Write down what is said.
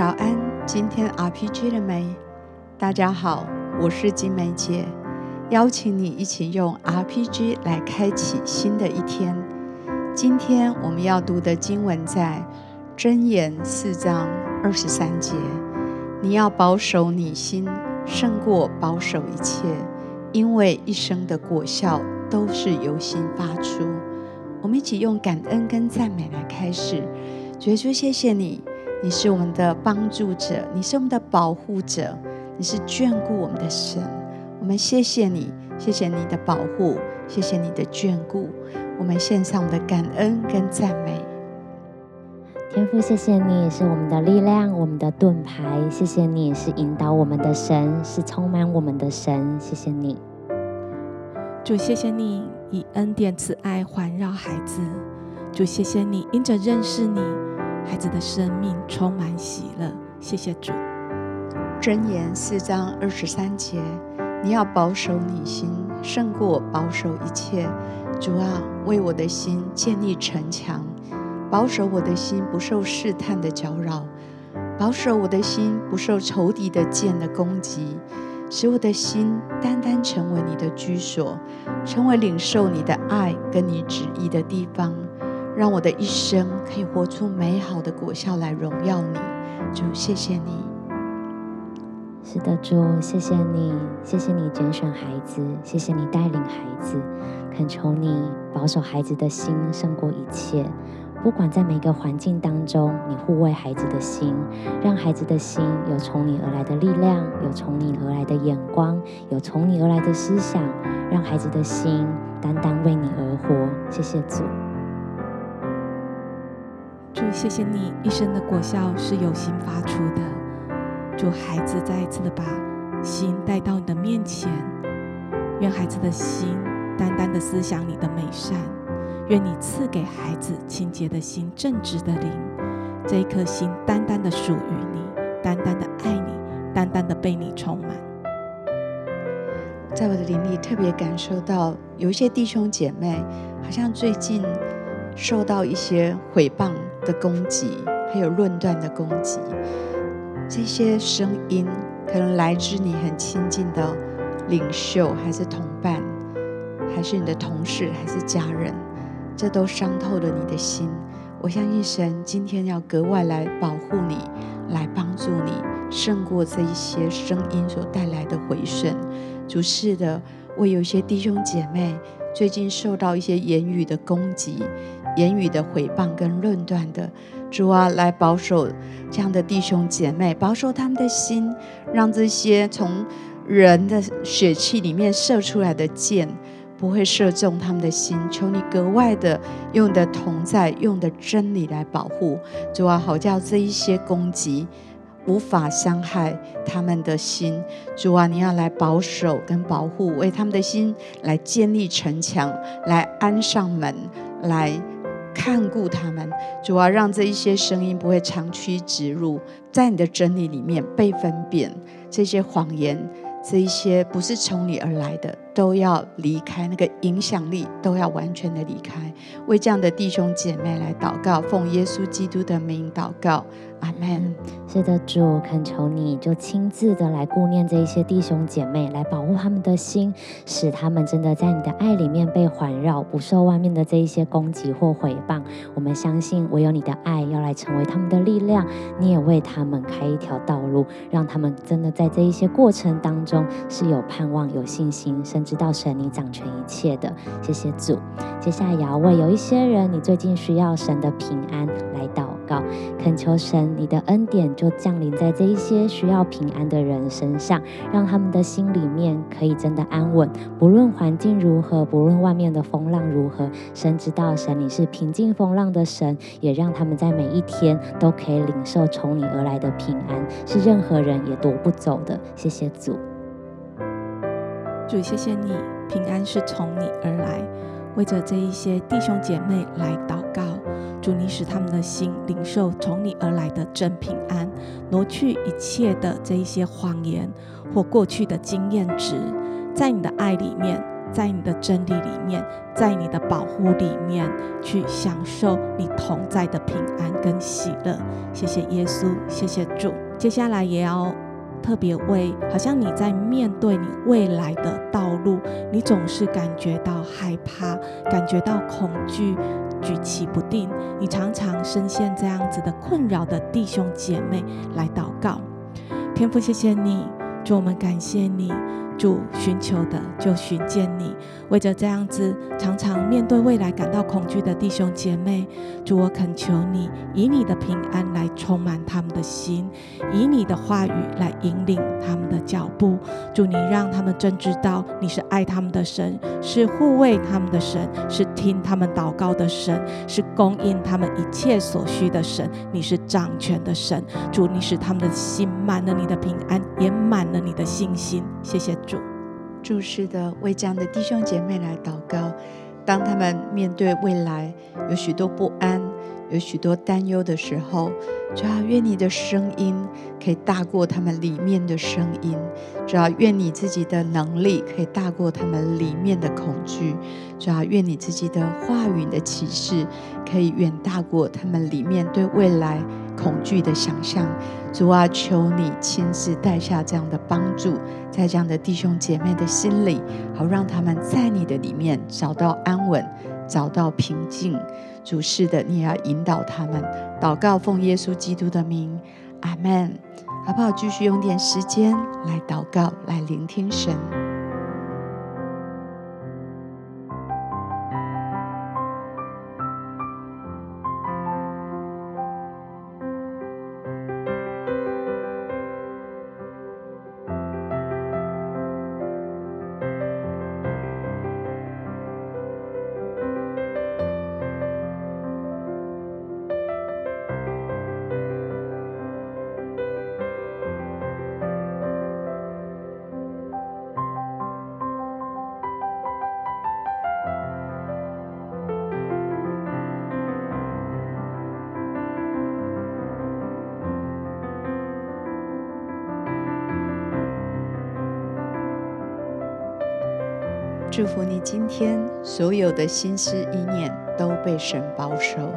早安，今天 RPG 了沒？大家好，我是晶玫姊，邀請你一起用 RPG 來開啟新的一天。今天我們要讀的經文在《箴言》四章二十三節。你要保守你心，勝過保守一切，因為一生的果效都是由心發出。我們一起用感恩跟讚美來開始，覺珠，謝謝你。你是我們的幫助者，你是我們的保護者，你是眷顧我們的神。我們謝謝你，謝謝你的保護，謝謝你的眷顧。我們獻上我們的感恩跟讚美，天父，謝謝你是我們的力量，我們的盾牌。謝謝你是引導我們的神，是充滿我們的神。謝謝你，主，謝謝你以恩典慈愛環繞孩子。主，謝謝你因着認識你。孩子的生命充滿喜樂，謝謝主。箴言四章二十三節，你要保守你心，勝過保守一切。主啊，為我的心建立城牆，保守我的心不受試探的攪擾，保守我的心不受仇敵的劍的攻擊，使我的心單單成為你的居所，成為領受你的愛跟你旨意的地方。讓我的一生可以活出美好的果效來榮耀你，主，謝謝你。是的，主，謝謝你，謝謝你揀選孩子，謝謝你帶領孩子，懇求你保守孩子的心，勝過一切，不管在每個環境當中，你護衛孩子的心，讓孩子的心有從你而來的力量，有從你而來的眼光，有從你而來的思想，讓孩子的心單單為你而活。謝謝主。祝謝謝你一生的果效是由心發出的。祝，孩子再一次的把心帶到你的面前。願孩子的心單單的思想你的美善。願你賜給孩子清潔的心、正直的靈。這一顆心單單的屬於你，單單的愛你，單單的被你充滿。在我的靈裡特別感受到，有一些弟兄姐妹好像最近受到一些毀謗。的攻擊，還有論斷的攻擊，這些聲音可能來自你很親近的領袖，還是同伴，還是你的同事，還是家人，這都傷透了你的心。我相信神今天要格外來保護你，來幫助你，勝過這一些聲音所帶來的回聲。主是的。會有一些弟兄姐妹最近受到一些言語的攻擊、言語的誹謗跟論斷的，主啊，來保守這樣的弟兄姐妹，保守他們的心，讓這些從人的血氣裡面射出來的箭不會射中他們的心。求你格外的用你的同在，用你的真理來保護，主啊，好叫這一些攻擊。無法傷害他們的心，主啊，你要來保守跟保護，為他們的心來建立城牆，來安上門，來看顧他們。主啊，讓這一些聲音不會長驅直入，在你的真理裡面被分辨。這些謊言，這一些不是從你而來的，都要離開那個影響力，都要完全的離開。為這樣的弟兄姐妹來禱告，奉耶穌基督的名禱告，阿門。是的主，主懇求你，就親自的來顧念這一些弟兄姐妹，來保護他們的心，使他們真的在你的愛裡面被環繞，不受外面的這一些攻擊或毀謗。我們相信，唯有你的愛要來成為他們的力量。你也為他們開一條道路，讓他們真的在這一些過程當中是有盼望、有信心，甚至到神你掌權一切的。謝謝主。接下來也要為有一些人，你最近需要神的平安來禱告。懇求神，你的恩典就降臨在這一些需要平安的人身上，讓他們的心裡面可以真的安穩，不論環境如何，不論外面的風浪如何。神知道，神你是平靜風浪的神，也讓他們在每一天都可以領受從你而來的平安，是任何人也奪不走的。謝謝主，主謝謝你，平安是從你而來。為着這一些弟兄姐妹來禱告。主，你使他們的心領受從你而來的真平安，挪去一切的這一些謊言或過去的經驗值，在你的愛裡面，在你的真理裡面，在你的保護裡面，去享受你同在的平安跟喜樂。謝謝耶穌，謝謝主。接下來也要特別為好像你在面對你未來的道路，你總是感覺到害怕，感覺到恐懼，舉棋不定，你常常深陷這樣子的困擾的弟兄姐妹來禱告，天父，謝謝你，主，我們感謝你。主尋求的就尋見你。為着這樣子，常常面對未來感到恐懼的弟兄姐妹，主，我懇求你，以你的平安來充滿他們的心，以你的話語來引領他們的腳步。主，你讓他們真知道你是愛他們的神，是護衛他們的神，是聽他們禱告的神，是供應他們一切所需的神，你是掌權的神。主，你使他們的心滿了你的平安，也滿了你的信心。謝謝。注視的為這樣的弟兄姐妹來禱告，當他們面對未來，有許多不安，有許多擔憂的時候，主啊，願你的聲音可以大過他們裡面的聲音；主啊，願你自己的能力可以大過他們裡面的恐懼；主啊，願你自己的話語的啟示可以遠大過他們裡面對未來恐懼的想象。主啊，求你親自帶下這樣的幫助，在這樣的弟兄姐妹的心裡，好讓他們在你的裡面找到安穩。找到平靜，主，是的，你也要引導他們禱告，奉耶穌基督的名，阿門。好不好？繼續用點時間來禱告，來聆聽神。祝福你，今天所有的心思意念都被神保守。